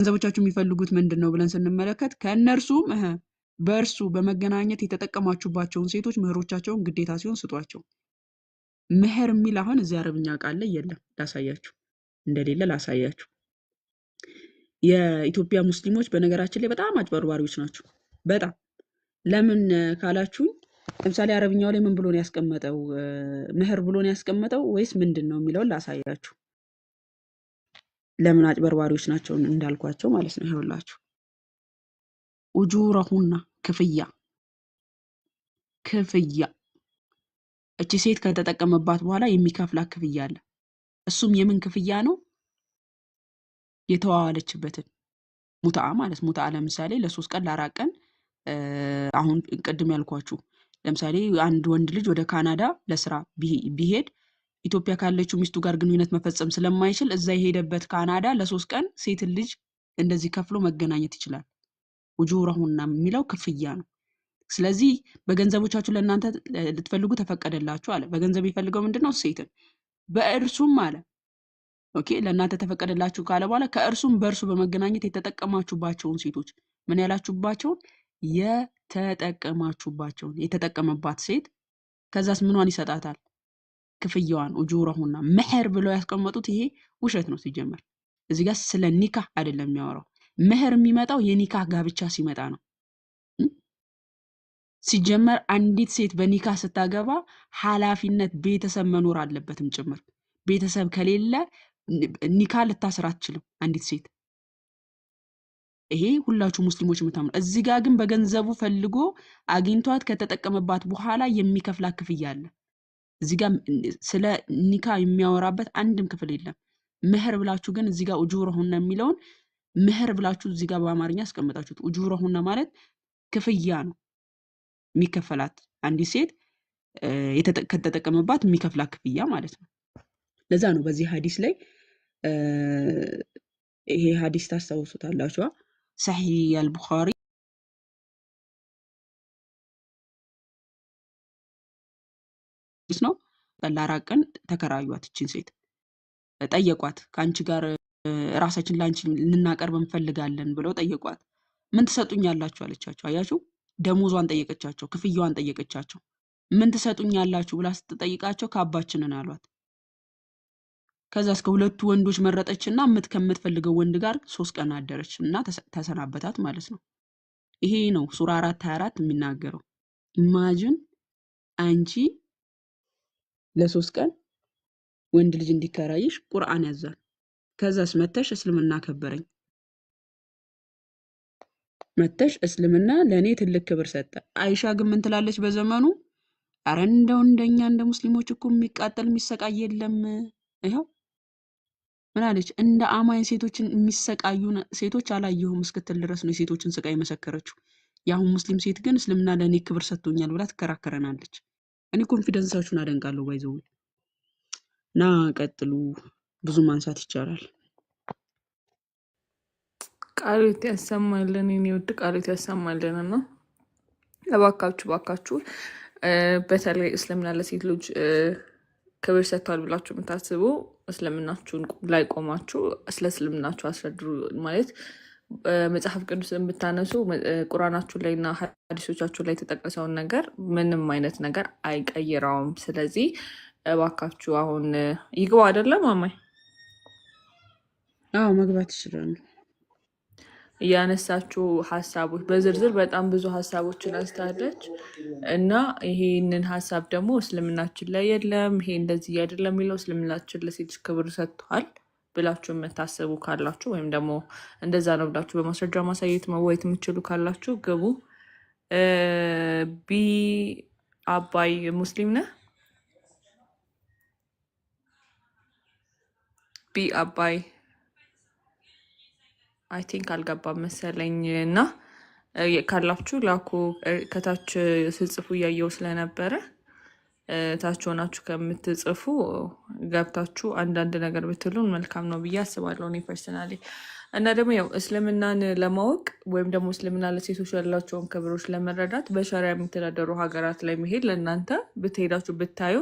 ገንዘቦቻችሁ የሚፈልጉት ምንድን ነው ብለን ስንመለከት ከእነርሱም በእርሱ በመገናኘት የተጠቀማችሁባቸውን ሴቶች ምህሮቻቸውን ግዴታ ሲሆን ስጧቸው። ምህር የሚል አሁን እዚህ አረብኛ ቃል ላይ የለም። ላሳያችሁ እንደሌለ ላሳያችሁ። የኢትዮጵያ ሙስሊሞች በነገራችን ላይ በጣም አጭበርባሪዎች ናቸው። በጣም ለምን ካላችሁኝ ለምሳሌ አረብኛው ላይ ምን ብሎን ያስቀመጠው ምህር ብሎን ያስቀመጠው ወይስ ምንድን ነው የሚለውን ላሳያችሁ። ለምን አጭበርባሪዎች ናቸው እንዳልኳቸው ማለት ነው። ይኸውላችሁ ኡጁረሁና ክፍያ ክፍያ እቺ ሴት ከተጠቀመባት በኋላ የሚከፍላት ክፍያ አለ። እሱም የምን ክፍያ ነው? የተዋዋለችበትን ሙታአ ማለት ሙታአ ለምሳሌ ለሶስት ቀን ለአራት ቀን አሁን ቅድም ያልኳችሁ ለምሳሌ አንድ ወንድ ልጅ ወደ ካናዳ ለስራ ቢሄድ ኢትዮጵያ ካለችው ሚስቱ ጋር ግንኙነት መፈጸም ስለማይችል እዛ የሄደበት ካናዳ ለሶስት ቀን ሴትን ልጅ እንደዚህ ከፍሎ መገናኘት ይችላል። ውጁረሁና የሚለው ክፍያ ነው። ስለዚህ በገንዘቦቻችሁ ለእናንተ ልትፈልጉ ተፈቀደላችሁ አለ። በገንዘብ የሚፈልገው ምንድነው ሴትን በእርሱም አለ ኦኬ፣ ለእናንተ ተፈቀደላችሁ ካለ በኋላ ከእርሱም በእርሱ በመገናኘት የተጠቀማችሁባቸውን ሴቶች ምን ያላችሁባቸውን? የተጠቀማችሁባቸውን የተጠቀመባት ሴት ከዛስ ምኗን ይሰጣታል? ክፍያዋን ኡጁረሁና መህር ብለው ያስቀመጡት ይሄ ውሸት ነው። ሲጀመር እዚህ ጋር ስለ ኒካ አይደለም የሚያወራው። መህር የሚመጣው የኒካ ጋብቻ ሲመጣ ነው። ሲጀመር አንዲት ሴት በኒካ ስታገባ ኃላፊነት ቤተሰብ መኖር አለበትም ጭምር። ቤተሰብ ከሌለ ኒካ ልታስር አትችልም አንዲት ሴት። ይሄ ሁላችሁ ሙስሊሞች የምታምኑ። እዚህ ጋር ግን በገንዘቡ ፈልጎ አግኝቷት ከተጠቀመባት በኋላ የሚከፍላት ክፍያ አለ። እዚህ ስለ ኒካ የሚያወራበት አንድም ክፍል የለም። ምህር ብላችሁ ግን እዚህ ጋር ኡጁረሁና የሚለውን ምህር ብላችሁ እዚህ በአማርኛ አስቀምጣችሁት። ኡጁረሁና ማለት ክፍያ ነው የሚከፈላት አንዲት ሴት ከተጠቀመባት የሚከፍላት ክፍያ ማለት ነው። ለዛ ነው በዚህ ሀዲስ ላይ ይሄ ሀዲስ ታስታውሱታላችኋ ሰሒህ አልቡኻሪ አዲስ ነው ለአራት ቀን ተከራዩት እችን ሴት ጠየቋት። ከአንቺ ጋር ራሳችን ለአንቺ ልናቀርብ እንፈልጋለን ብለው ጠየቋት። ምን ትሰጡኛላችሁ አለቻቸው። አያችሁ ደሞዟን ጠየቀቻቸው፣ ክፍያዋን ጠየቀቻቸው። ምን ትሰጡኛላችሁ ብላ ስትጠይቃቸው ከአባችንን አሏት። ከዛ እስከ ሁለቱ ወንዶች መረጠችና ምት ከምትፈልገው ወንድ ጋር ሶስት ቀን አደረች እና ተሰናበታት ማለት ነው። ይሄ ነው ሱራ አራት ሀያ አራት የሚናገረው ኢማጅን አንቺ ለሶስት ቀን ወንድ ልጅ እንዲከራይሽ ቁርአን ያዛል። ከዛስ መተሽ እስልምና ከበረኝ መተሽ እስልምና ለእኔ ትልቅ ክብር ሰጠ። አይሻ ግን ምን ትላለች? በዘመኑ አረ እንደው እንደኛ እንደ ሙስሊሞች እኮ የሚቃጠል የሚሰቃይ የለም። ይኸው ምን አለች? እንደ አማኝ ሴቶችን የሚሰቃዩ ሴቶች አላየሁም እስክትል ድረስ ነው የሴቶችን ስቃይ መሰከረችው። የአሁን ሙስሊም ሴት ግን እስልምና ለእኔ ክብር ሰጥቶኛል ብላ ትከራከረናለች። እኔ ኮንፊደንሳችሁን አደንቃለሁ። ባይዘው እና ቀጥሉ፣ ብዙ ማንሳት ይቻላል። ቃሎት ያሰማልን ኔ ውድ ቃሎት ያሰማልን እና እባካችሁ እባካችሁ በተለይ እስልምና ለሴት ልጅ ክብር ሰጥቷል ብላችሁ የምታስቡ እስልምናችሁን ላይ ቆማችሁ ስለ እስልምናችሁ አስረድሩ ማለት መጽሐፍ ቅዱስ የምታነሱ ቁራናችሁ ላይ እና ሀዲሶቻችሁ ላይ የተጠቀሰውን ነገር ምንም አይነት ነገር አይቀይረውም። ስለዚህ እባካችሁ አሁን ይግባ አይደለም አማይ? አዎ መግባት ይችላሉ። ያነሳችሁ ሀሳቦች በዝርዝር በጣም ብዙ ሀሳቦችን አንስታለች እና ይሄንን ሀሳብ ደግሞ እስልምናችን ላይ የለም ይሄ እንደዚህ አይደለም የሚለው እስልምናችን ለሴቶች ክብር ሰጥቷል። ብላችሁ የምታስቡ ካላችሁ ወይም ደግሞ እንደዛ ነው ብላችሁ በማስረጃ ማሳየት መወየት የምትችሉ ካላችሁ ግቡ። ቢ አባይ ሙስሊም ነህ? ቢ አባይ አይ ቲንክ አልገባም መሰለኝ እና ካላችሁ ላኩ። ከታች ስጽፉ እያየው ስለነበረ ታች ሆናችሁ ከምትጽፉ ገብታችሁ አንዳንድ ነገር ብትሉን መልካም ነው ብዬ አስባለሁ እኔ ፐርሰናሊ። እና ደግሞ ያው እስልምናን ለማወቅ ወይም ደግሞ እስልምና ለሴቶች ያላቸውን ክብሮች ለመረዳት በሸሪያ የሚተዳደሩ ሀገራት ላይ መሄድ ለእናንተ ብትሄዳችሁ ብታዩ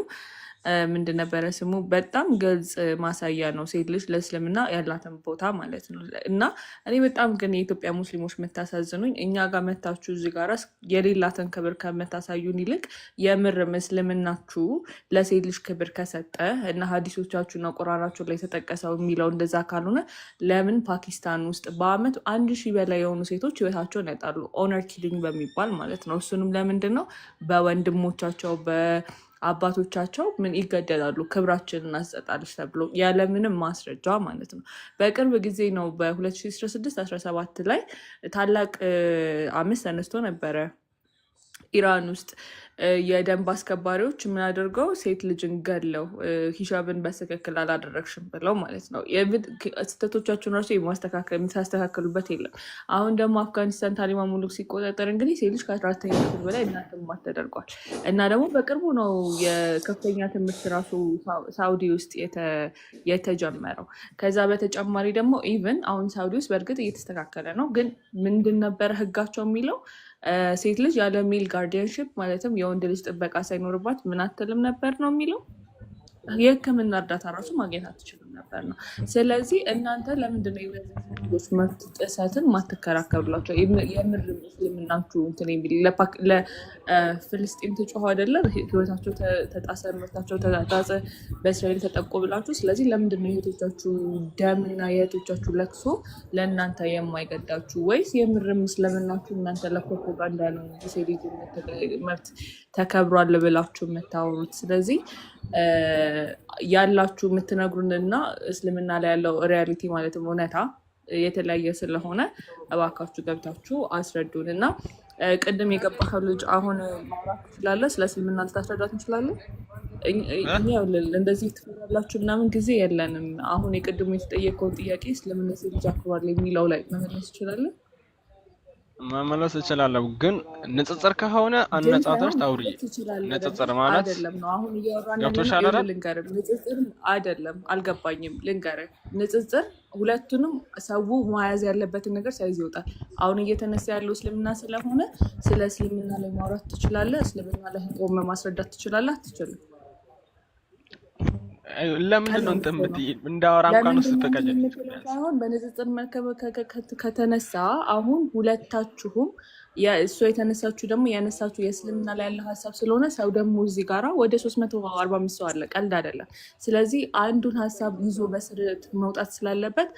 ምንድን ነበረ ስሙ? በጣም ግልጽ ማሳያ ነው፣ ሴት ልጅ ለእስልምና ያላትን ቦታ ማለት ነው። እና እኔ በጣም ግን የኢትዮጵያ ሙስሊሞች የምታሳዝኑኝ፣ እኛ ጋር መታችሁ እዚህ ጋር የሌላትን ክብር ከምታሳዩን ይልቅ የምር ምስልምናችሁ ለሴት ልጅ ክብር ከሰጠ እና ሀዲሶቻችሁና ቁራናችሁ ላይ ተጠቀሰው የሚለው እንደዛ ካልሆነ ለምን ፓኪስታን ውስጥ በአመት አንድ ሺህ በላይ የሆኑ ሴቶች ህይወታቸውን ያጣሉ ኦነር ኪሊንግ በሚባል ማለት ነው። እሱንም ለምንድን ነው በወንድሞቻቸው አባቶቻቸው ምን ይገደላሉ፣ ክብራችን እናስጠጣለች ተብሎ ያለምንም ማስረጃ ማለት ነው። በቅርብ ጊዜ ነው በ2016 17 ላይ ታላቅ አምስት ተነስቶ ነበረ ኢራን ውስጥ የደንብ አስከባሪዎች የምናደርገው ሴት ልጅን ገድለው ሂሻብን በትክክል አላደረግሽም ብለው ማለት ነው። ስህተቶቻችሁን ራሱ የምታስተካከሉበት የለም። አሁን ደግሞ አፍጋኒስታን ታሊባን ሙሉክ ሲቆጣጠር እንግዲህ ሴት ልጅ ከአስራ አራተኛ ክፍል በላይ እናትማት ተደርጓል እና ደግሞ በቅርቡ ነው የከፍተኛ ትምህርት ራሱ ሳውዲ ውስጥ የተጀመረው። ከዛ በተጨማሪ ደግሞ ኢቨን አሁን ሳውዲ ውስጥ በእርግጥ እየተስተካከለ ነው፣ ግን ምንድን ነበረ ህጋቸው የሚለው ሴት ልጅ ያለ ሚል ጋርዲያንሽፕ ማለትም የወንድ ልጅ ጥበቃ ሳይኖርባት ምን አትልም ነበር ነው የሚለው። የህክምና እርዳታ ራሱ ማግኘት አትችልም። ነበር ነው። ስለዚህ እናንተ ለምንድነው የህዝቦች መብት ጥሰትን ማትከራከሩላቸው? የምር ሙስሊምናችሁ እንትን የሚል ለፍልስጢን ተጮኸ አይደለ? ህይወታቸው ተጣሰ፣ መብታቸው ተጣሰ፣ በእስራኤል ተጠቆ ብላችሁ። ስለዚህ ለምንድነው የእህቶቻችሁ ደምና የእህቶቻችሁ ለቅሶ ለእናንተ የማይገዳችሁ? ወይስ የምር ሙስሊምናችሁ እናንተ ለፕሮፓጋንዳ ነው የሴት መብት ተከብሯል ብላችሁ የምታወሩት። ስለዚህ ያላችሁ የምትነግሩንና እስልምና ላይ ያለው ሪያሊቲ ማለትም እውነታ የተለያየ ስለሆነ እባካችሁ ገብታችሁ አስረዱን እና ቅድም የገባከው ልጅ አሁን ማውራት ትችላለ። ስለ እስልምና ልታስረዳት እንችላለን። እንደዚህ ትፈራላችሁ ምናምን ጊዜ የለንም። አሁን የቅድሙ የተጠየቀውን ጥያቄ ስለምን ልጅ አክብሯል የሚለው ላይ መመለስ ይችላለን። መመለስ እችላለሁ ግን ንጽጽር ከሆነ አነጻጽር ታውሪ ንጽጽር ማለት አሁን እያወራን ልንገር ንጽጽር አይደለም። አልገባኝም። ልንገር ንጽጽር ሁለቱንም ሰው መያዝ ያለበትን ነገር ሳይዝ ይወጣል። አሁን እየተነሳ ያለው እስልምና ስለሆነ ስለ እስልምና ላይ ማውራት ትችላለህ። እስልምና ላይ ቆመ ማስረዳት ትችላለህ። አትችልም ለምንድን ነው እንትን የምትይ እንዳወራ እንኳን ውስጥ ተቀጀል ሳይሆን በንጽጽር መከበብ ከተነሳ አሁን ሁለታችሁም እሱ የተነሳችሁ ደግሞ ያነሳችሁ የእስልምና ላይ ያለ ሀሳብ ስለሆነ ሰው ደግሞ እዚህ ጋራ ወደ ሶስት መቶ አርባ አምስት ሰው አለ። ቀልድ አይደለም። ስለዚህ አንዱን ሀሳብ ይዞ በስርት መውጣት ስላለበት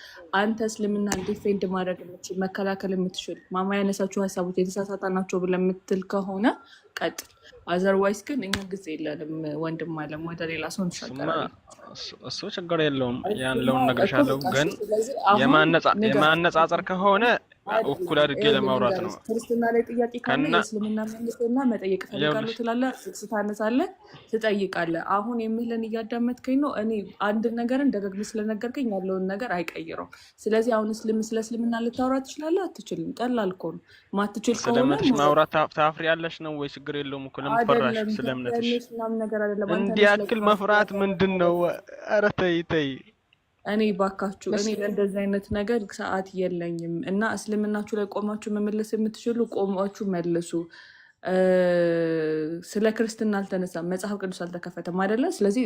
አንተ እስልምና ዲፌንድ ማድረግ የምችል መከላከል የምትችል ማማ ያነሳችሁ ሀሳቦች የተሳሳታ ናቸው ብለህ የምትል ከሆነ ቀጥል። አዘርዋይስ ግን እኛ ጊዜ የለንም። ወንድም አለም ወደ ሌላ ሰው እንሻገራለን። እሱ ችግር የለውም ያለውን ሻለው ግን የማነጻጸር ከሆነ እኩል አድርጌ ለማውራት ነው። ክርስትና ላይ ጥያቄ ካለ የእስልምና መልስና መጠየቅ እፈልጋለሁ ትላለህ፣ ስታነሳለህ፣ ትጠይቃለህ። አሁን የምህልን እያዳመጥከኝ ነው። እኔ አንድ ነገርን ደጋግመህ ስለነገርከኝ ያለውን ነገር አይቀይረውም። ስለዚህ አሁን እስልም ስለ እስልምና ልታውራ ትችላለህ? አትችልም። ቀላል እኮ ነው። ማትችል ስለምትሽ ማውራት ታፍሪያለሽ ነው ወይ? ችግር የለውም እኮ ለምን ፈራሽ? ስለ እምነትሽ ምናምን ነገር አይደለም። እንዲህ ያክል መፍራት ምንድን ነው? ኧረ ተይ ተይ እኔ ባካችሁ እኔ ለእንደዚህ አይነት ነገር ሰዓት የለኝም እና እስልምናችሁ ላይ ቆማችሁ መመለስ የምትችሉ ቆማችሁ መልሱ። ስለ ክርስትና አልተነሳም፣ መጽሐፍ ቅዱስ አልተከፈተም አይደለ? ስለዚህ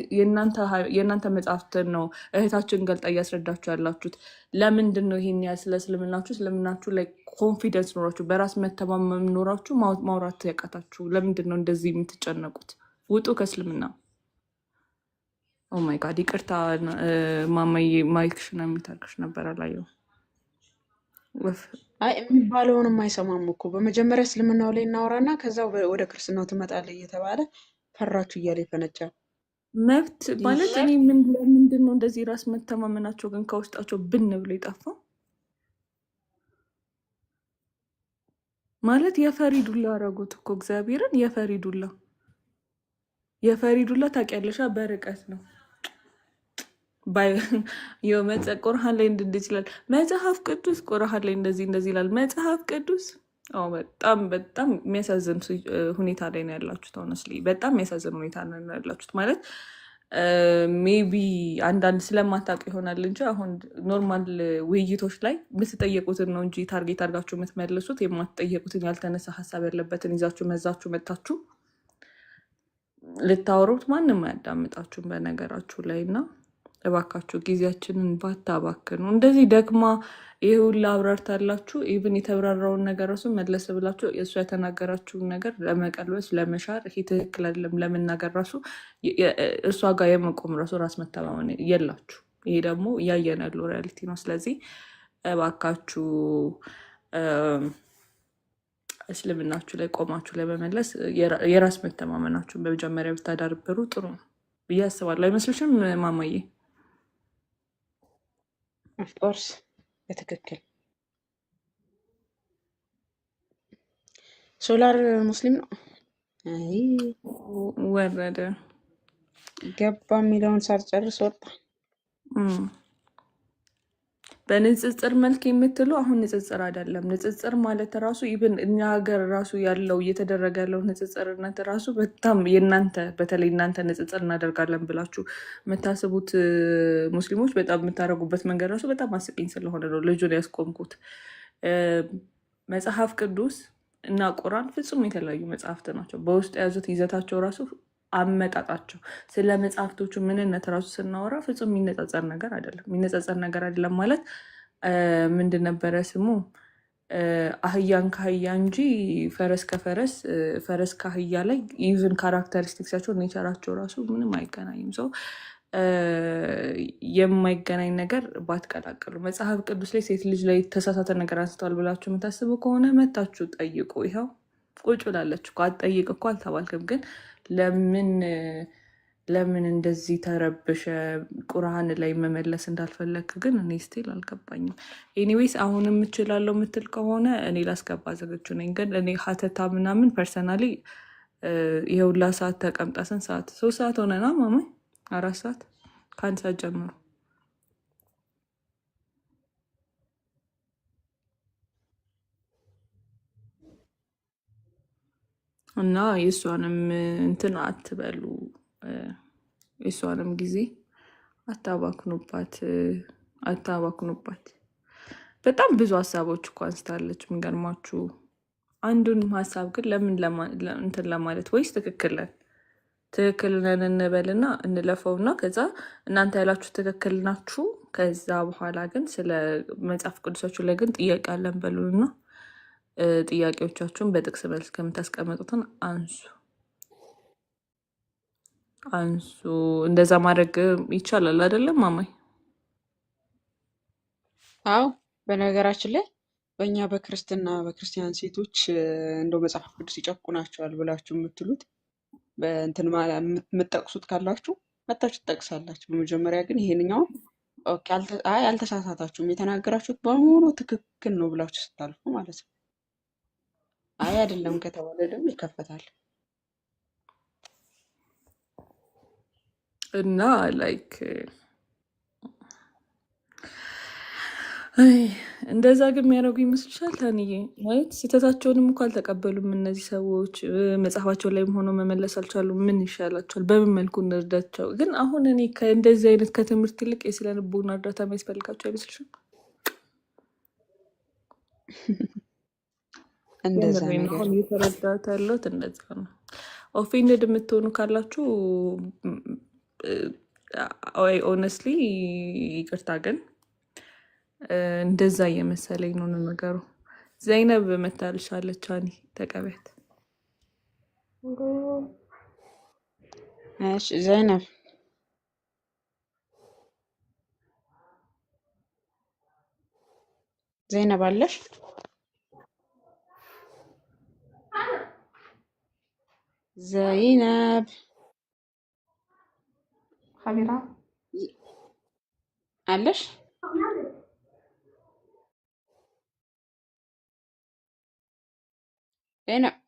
የእናንተ መጽሐፍትን ነው እህታችን ገልጣ እያስረዳችሁ ያላችሁት። ለምንድን ነው ይህን ያህል ስለ እስልምናችሁ እስልምናችሁ ላይ ኮንፊደንስ ኖራችሁ በራስ መተማመም ኖራችሁ ማውራት ያቃታችሁ? ለምንድን ነው እንደዚህ የምትጨነቁት? ውጡ ከእስልምና ኦማይ oh ጋድ ይቅርታ ማማዬ፣ ማይክሽን የሚታርክሽ ነበር አላየው የሚባለውን የማይሰማም እኮ በመጀመሪያ እስልምናው ላይ እናወራና ከዛ ወደ ክርስትናው ትመጣለ እየተባለ ፈራችሁ እያለ ይፈነጫል። መብት ማለት እኔ ምንድን ነው እንደዚህ ራስ መተማመናቸው ግን ከውስጣቸው ብን ብሎ የጠፋ ማለት የፈሪ ዱላ አረጉት እኮ እግዚአብሔርን የፈሪ ዱላ የፈሪ ዱላ በርቀት ነው ቁርአን ላይ እንድንድ ይችላል። መጽሐፍ ቅዱስ ቁርአን ላይ እንደዚህ እንደዚህ ይላል መጽሐፍ ቅዱስ። በጣም በጣም የሚያሳዝን ሁኔታ ላይ ነው ያላችሁት። ሆነስ በጣም የሚያሳዝን ሁኔታ ነው ያላችሁት ማለት ሜቢ አንዳንድ ስለማታውቅ ይሆናል እንጂ አሁን ኖርማል ውይይቶች ላይ የምትጠየቁትን ነው እንጂ ታርጌት አድርጋችሁ የምትመልሱት የማትጠየቁትን ያልተነሳ ሀሳብ ያለበትን ይዛችሁ መዛችሁ መታችሁ ልታወሩት ማንም አያዳምጣችሁም በነገራችሁ ላይ እና እባካችሁ ጊዜያችንን ባታባክኑ። እንደዚህ ደክማ ይህ ሁላ አብራርታላችሁ ኢቭን የተብራራውን ነገር እሱ መለስ ብላችሁ እሱ የተናገራችሁን ነገር ለመቀልበስ ለመሻር ይሄ ትክክል አይደለም ለመናገር ራሱ እሷ ጋር የመቆም ራሱ ራስ መተማመን የላችሁ። ይሄ ደግሞ እያየን ያለው ሪያሊቲ ነው። ስለዚህ እባካችሁ እስልምናችሁ ላይ ቆማችሁ ለመመለስ የራስ መተማመናችሁን በመጀመሪያ ብታዳርበሩ ጥሩ ነው ብዬ አስባለሁ። አይመስልሽም ማማዬ? ኦፍኮርስ በትክክል ሶላር ሙስሊም ነው። አይ ወረደ ገባ የሚለውን ሳልጨርስ ወጣ። በንጽጽር መልክ የምትሉ አሁን ንጽጽር አይደለም። ንጽጽር ማለት ራሱ ኢብን እኛ ሀገር ራሱ ያለው እየተደረገ ያለው ንጽጽርነት ራሱ በጣም የእናንተ በተለይ እናንተ ንጽጽር እናደርጋለን ብላችሁ የምታስቡት ሙስሊሞች በጣም የምታደርጉበት መንገድ ራሱ በጣም አስቂኝ ስለሆነ ነው ልጁን ያስቆምኩት። መጽሐፍ ቅዱስ እና ቁራን ፍጹም የተለያዩ መጽሐፍት ናቸው። በውስጥ የያዙት ይዘታቸው ራሱ አመጣጣቸው ስለ መጽሐፍቶቹ ምንነት ራሱ ስናወራ ፍጹም የሚነጻጸር ነገር አይደለም። የሚነጻጸር ነገር አይደለም ማለት ምንድን ነበረ ስሙ አህያን ከአህያ እንጂ ፈረስ ከፈረስ ፈረስ ከአህያ ላይ ኢቭን ካራክተሪስቲክሳቸው ኔቸራቸው ራሱ ምንም አይገናኝም። ሰው የማይገናኝ ነገር ባትቀላቀሉ። መጽሐፍ ቅዱስ ላይ ሴት ልጅ ላይ ተሳሳተ ነገር አንስተዋል ብላችሁ የምታስቡ ከሆነ መታችሁ ጠይቁ። ይኸው ቁጭ ብላለች እኮ አትጠይቅ እኮ አልተባልክም ግን ለምን ለምን እንደዚህ ተረብሸ ቁርአን ላይ መመለስ እንዳልፈለክ ግን እኔ ስቲል አልገባኝም። ኤኒዌይስ አሁን የምችላለው የምትል ከሆነ እኔ ላስገባ ዝግጁ ነኝ። ግን እኔ ሀተታ ምናምን ፐርሰናሊ የሁላ ሰዓት ተቀምጣ ስንት ሰዓት ሶስት ሰዓት ሆነና ማማኝ አራት ሰዓት ከአንድ ሰዓት ጀምሮ እና የእሷንም እንትን አትበሉ፣ የእሷንም ጊዜ አታባክኑባት አታባክኑባት። በጣም ብዙ ሀሳቦች እኮ አንስታለች የምንገርማችሁ። አንዱን ሀሳብ ግን ለምን እንትን ለማለት ወይስ ትክክል ነን ትክክል ነን እንበልና እንለፈውና ከዛ እናንተ ያላችሁ ትክክል ናችሁ። ከዛ በኋላ ግን ስለ መጽሐፍ ቅዱሳችሁ ላይ ግን ጥያቄ አለን በሉና ጥያቄዎቻችሁን በጥቅስ መልስ ከምታስቀምጡትን አንሱ አንሱ። እንደዛ ማድረግ ይቻላል አይደለም ማማይ? አዎ። በነገራችን ላይ በእኛ በክርስትና በክርስቲያን ሴቶች እንደው መጽሐፍ ቅዱስ ይጨቁናቸዋል ብላችሁ የምትሉት በእንትን የምትጠቅሱት ካላችሁ መታችሁ ትጠቅሳላችሁ። በመጀመሪያ ግን ይሄንኛው አልተሳሳታችሁም የተናገራችሁት በሙሉ ትክክል ነው ብላችሁ ስታልፉ ማለት ነው። አይ አይደለም ከተባለ ደግሞ ይከፈታል። እና ላይክ እንደዛ ግን የሚያደርጉ ይመስልሻል ታንዬ? ማለት ስህተታቸውንም እኮ አልተቀበሉም እነዚህ ሰዎች መጽሐፋቸው ላይ ሆኖ መመለስ አልቻሉ። ምን ይሻላቸዋል? በምን መልኩ እንርዳቸው? ግን አሁን እኔ እንደዚህ አይነት ከትምህርት ይልቅ የስነ ልቦና እርዳታ የሚያስፈልጋቸው አይመስልሽም? እንደዛ ነገር አሁን ያለሁት እንደዛ ነው። ኦፌንድድ የምትሆኑ ካላችሁ ኦነስትሊ ይቅርታ፣ ግን እንደዛ እየመሰለኝ ነው ነገሩ። ዘይነብ መታልሻለች፣ አኒ ተቀበያት። ዘይነብ ዘይነብ አለሽ? زينب خبيرة علاش انا